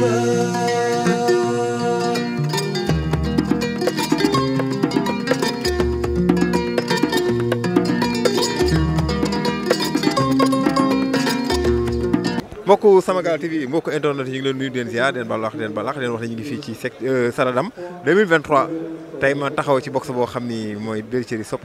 sama Samagal TV mbokk internet ñu ngi leen nuyu di ziar di leen baal di wax di ñu ngi ci euh, Saradam 2023 tey ma taxaw ci box boo xam ni Sopp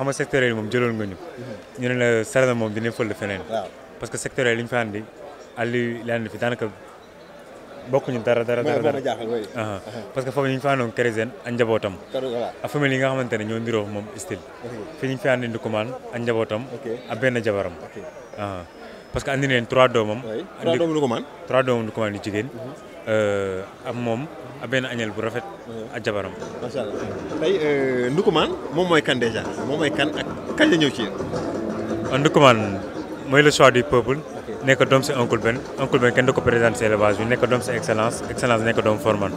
xam nga sectoriel yi moom jëloon nga ñu. Mhm. ñu ne la Sarene moom dinañ fël feneen. parce que sectoriel li ñu fi andi àlli li andi fi daanaka bokkuñu dara dara. dara dara parce que foofu ñu ngi fi àndoon Kérésène ak njabootam. yi nga xamante ne ñoo niroo moom style. fi ñu fi andi Ndoukoumane ak njabootam. ak benn jabaram. parce que andi neen trois doomam. andi trois doomu Ndoukoumane. trois doomu jigéen. Mhm. Euh, ak moom ak benn bu rafet ak jabaram. macha euh, moom mooy kan déjà moom mooy kan ak kañ la ñëw ci yéen. waaw euh, Ndoukoumane mooy le choix du nekk doom si oncle Ben oncle Ben kenn du ko présenté élevage bi nekk doom si excellence excellence nekk doomu Forman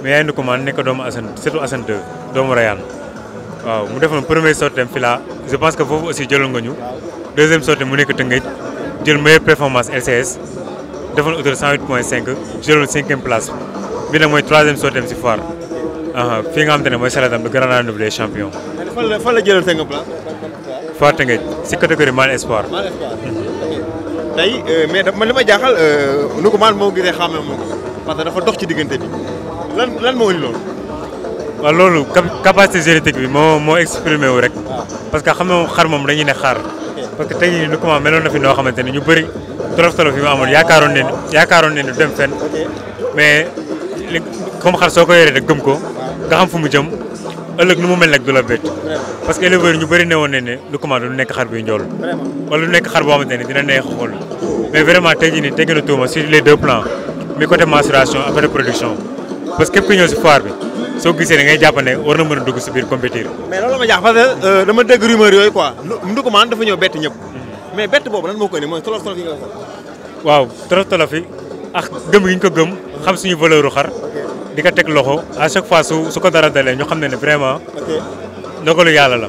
mais yaay Ndoukoumane nekk doomu Assane surtout Assane 2 doomu waaw mu defoon premier sortie am fii pense que foofu aussi jëloon nga ñu deuxième sortie mu nekk Tëngéej jël meilleure performance LCS. defoon hauteur 108 point 5 jëloon cinquième place bi nag mooy troisième sortem si foire fii nga xam te ne mooy Saladam le grand rendez-vous des champions. fan la fan si catégorie mal espoir. tey euh, mais ma jaaxal euh, nu ko maal moo dafa dox ci diggante bi lan moo indi loolu. waaw loolu capacité génétique bi moo moo exprimé wu rek. Ah. parce que xam moom dañuy ne xaar. parce que tey jii nu ko meloon na fi noo xamante ne ñu bëri. tolof tolof yi ma amoon yaakaaroon ne yaakaaroon ne dem fenn mais comme xar soo ko yoree rek gëm ko nga fu mu jëm ëllëg nu mu mel nag du la bett parce que éleveur ñu bëri ne woon ne ne du commande du nekk xar bi njool wala du nekk xar boo xamante ne dina neex xool mais vraiment tey jii nii tegge na tuuma sur les deux plans mi côté mensuration après production parce que képp si foire bi soo gisee da ngay jàpp war na mën a dugg si biir compétir mais loolu ma jaax parce que euh, mais bett boobu lan moo koy ne mooy tolof ko sax. waaw tolof tolof yi ak gëm gi ñu ko gëm xam suñu valeur u xar. di ka teg loxo a chaque fois su su ko dara dalee ñu xam ne ne vraiment. ndogalu yàlla la.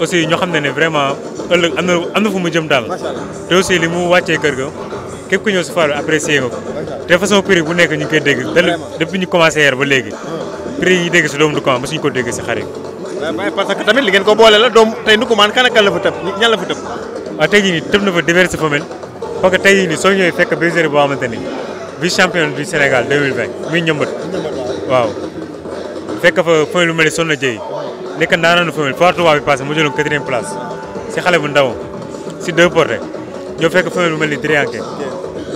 aussi ñoo xam ne ne vraiment ëllëg am na na fu mu jëm daal te aussi li mu wàccee kër ga képp ku ñëw si Fallou apprécier nga ko te façon prix bu nekk ñu ngi koy dégg depuis ñu commencé yar ba léegi hmm. prix yi dégg si doomu du ko ba suñu ko dégg si xarit parce que tamit li ko boole la doom tey du ko maan waaw tey jii nii tëb na fa diverses femelles parce que tey jii nii soo ñëwee fekk bergerie boo xamante ni vice champion du Sénégal 2020 muy ñëmbat waaw fekk fa femelle lu mel ni Sonna Dieye nekk ndaanaanu femelle foire Touba bi passé mu jëloon quatrième place si xale bu ndaw si deux portées ñoo fekk femelle lu mel ni Drianke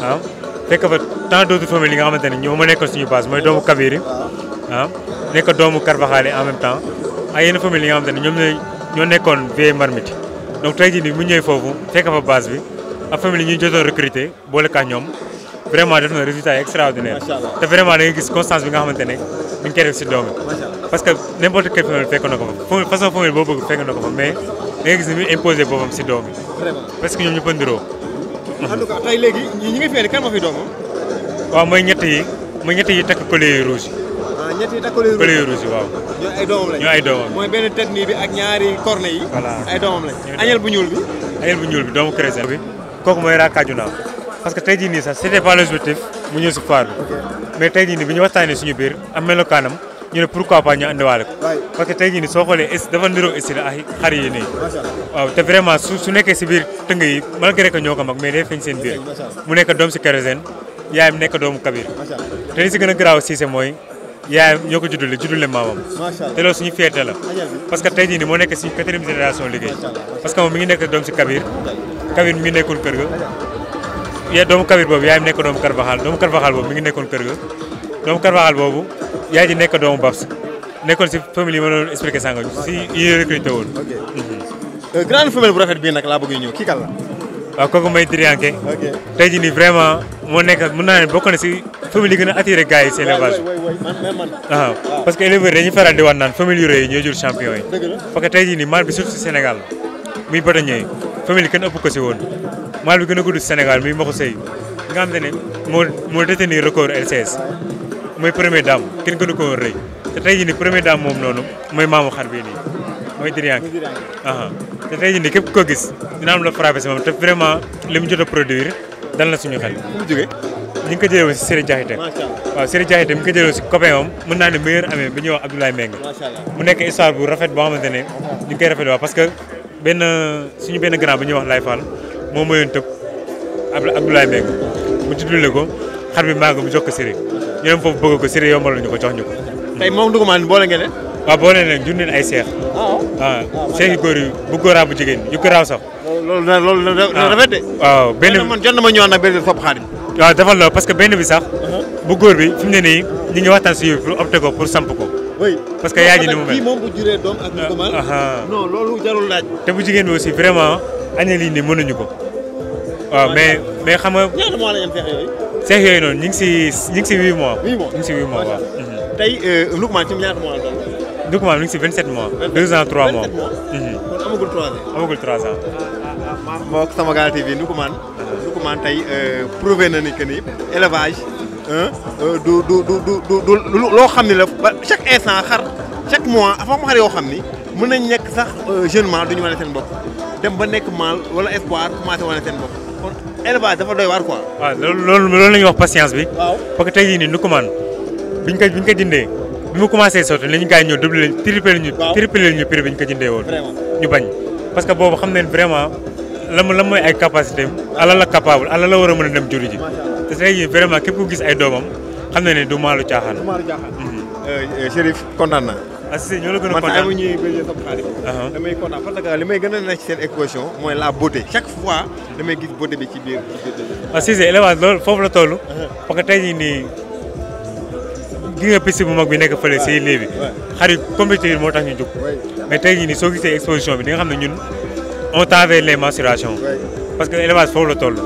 waaw fekk fa tant d'autres femelles yi nga xamante ne ñoo ma nekkoon suñu base mooy doomu Kabiri ah nekk doomu Carvajal en même temps ak yenn femelles yi nga xamante ne ñoom ñoo nekkoon vieille marmite donc te jii nii bu ñëwee foofu fekk fa base bi ak famille yi ñuy jotoon recruter boole ka ñoom vraiment def na résultat yi extraordinaire te vraiment da nga gis constance bi nga xamante ne mi ngi koy def si doom parce que n'importe quelle famille fekk na ko fa façon famille nga gis ni muy imposé si doom parce que ñoom ñu pëndiroo en tout cas tey léegi waaw mooy ñetti yi mooy ñett yi takk collier yu rouge ñetti takku lay rouge waaw ñu ay doomam lañ ñu ay doomam mooy benn technique bi ak ñaari corne yi voilà ay doomam lañ añel bu ñuul bi añel bu ñuul bi doomu chrétien bi kooku mooy rakajuna parce que tey jii nii sax c'était pas l'objectif mu ñëw si foire bi mais tey jii nii bi ñu waxtaanee suñu biir am melokaanam ñu ne pourquoi pas ñu andiwaale ko parce que tey jii nii soo xoolee est dafa niroo est la ay xar yi nii waaw te vraiment su su nekkee si biir tëng yi kabir te li si gën yaay ñoo ko juddule juddule maamam te loolu suñu fierté la parce que tey jii ni moo nekk suñu quatrième génération liggéey parce que moom mi ngi nekk doom si Kabir Kabir mi ngi nekkoon kër ga yaa doomu Kabir boobu yaayam nekk doomu Karbaxal doomu Karbaxal boobu mi ngi nekkoon kër ga doomu Karbaxal boobu yaay ji nekk doomu Babs nekkoon si famille yi ma doon expliqué sànq si yi recruté woon grande famille bu rafet bii nag laa bëgg ñëw kii kan la waaw kooku mooy Dirianke. ok vraiment moo nekk mën naa ne bokk na si famille yi gën a gars yi si parce que éleveur dañuy faral di wax naan famille yu rëy yi ñooy jur champion yi. parce que tey jii nii mal bi surtout si Sénégal muy batañee famille kenn ëpp ko si woon mal bi gën a gudd si Sénégal muy Mokho Seye nga xam te ne moo moo détenir record LCS mooy première dame ko woon rëy te tey jii nii première mooy maamu xar bii mooy Diriang te tey jii nii képp koo gis dina am la frappé si moom te vraiment li mu a produire dal na suñu xel. fu mu jógee ko jëlee woon si Séré Diakhaté. macha allah waaw Séré Diakhaté mi ngi ko jëlee woon si copain am mën naa ne meilleur ami bi ñuy wax Abdoulaye Mbengue. macha allah mu bu rafet boo xamante ne ñu ngi koy waaw parce que benn suñu benn grand bi ñuy wax Laye moo moom mooyoon tëb Abdoulaye Mbengue mu tuddule ko xar bi maa ngi ko mu jox ko Séré ñu dem foofu bëgg ko Séré yombalal ñu ko waaw boo nee nag junni ay seex. ah, ah. ah góor yi bu góoraa bu jigéen yu ko raaw sax. loolu jot na ah, ma ñëwaat nag benn fopp xaadim. waaw dafa lool parce que benn bi sax. Uh-huh. bu góor bi fi mu ne nii ñu waxtaan si pour opté ko parce que yaa ji ni mu mel kii moom bu te bu jigéen aussi vraiment année yii nii mënuñu ko. mais mais xam nga. ñaata mois ñu seex yooyu. noonu ñu ngi si ñu ngi si huit mois. huit mois ñu si huit mois waaw. document 27 mois. 2 ans 3 mois mhm. ans. 3 ans. prouvé élevage la chaque instant chaque mois avant euh, jeune duñu quoi. la patience bi mu commencé sotti la ñu gars yi ñëw double lañ ñu triple ñu prix bi ñu ko jëndee woon ñu bañ parce que boobu xam nañ vraiment la mu la mooy ay capacité ala la capable ala la war a mën a dem juri ji te tey vraiment képp ku gis ay doomam xam na ne du maalu caaxaan mhm. euh, euh, Chérif kontaan naa assi ah, ñoo la gën a kontaan man ñuy bëggee sama xaalis uh-huh. damay kontaan parce que li may gën a nekk seen exposition mooy la beauté chaque fois damay gis beauté bi ci biir assi ah, élevage loolu foofu la toll uh-huh. parce que nii gi nga piste bu mag bi nekk fële si lii bi xarit compétiteur moo tax ñu jóg mais tey jii nii soo gisee exposition bi di nga xam ne ñun on travaille les parce que élevage foofu la toll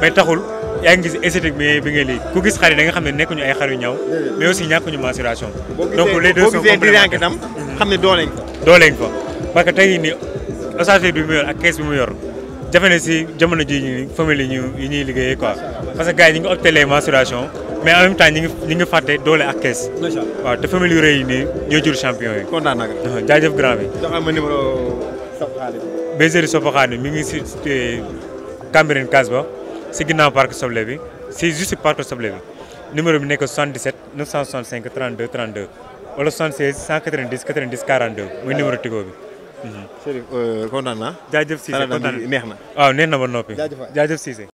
mais taxul yaa ngi gis esthétique bi bi ngay ku gis xar yi nga xam ne nekkuñu ay xar yu ñaw mais aussi ñàkkuñu mensuration donc les deux sont que tey jii nii ossager bi mu yor ak kees bi mu yor jafe na si jamono ji ñi famille yi ñu yi ñuy liggéeyee quoi parce que gars yi ñu ngi opté les mensurations mais en même temps ñi ngi ñi ngi fàtte doole ak kees. macha allah waaw te famille nii ñoo jur champion yi. kontaan naa ko jaajëf grand bi. jox ma numéro Sopoxaane bi. bergerie Sopoxaane mi ngi si Cambérène Casba si ginnaaw parc Soble bi si juste parc Soble bi numéro bi nekk 77 965 32 32 wala 76 190 90 42 muy numéro Tigo bi. Mhm. Chérif euh, kontaan naa. jaajëf Cissé kontaan neex na. waaw neex na ba noppi jaajëf Cissé.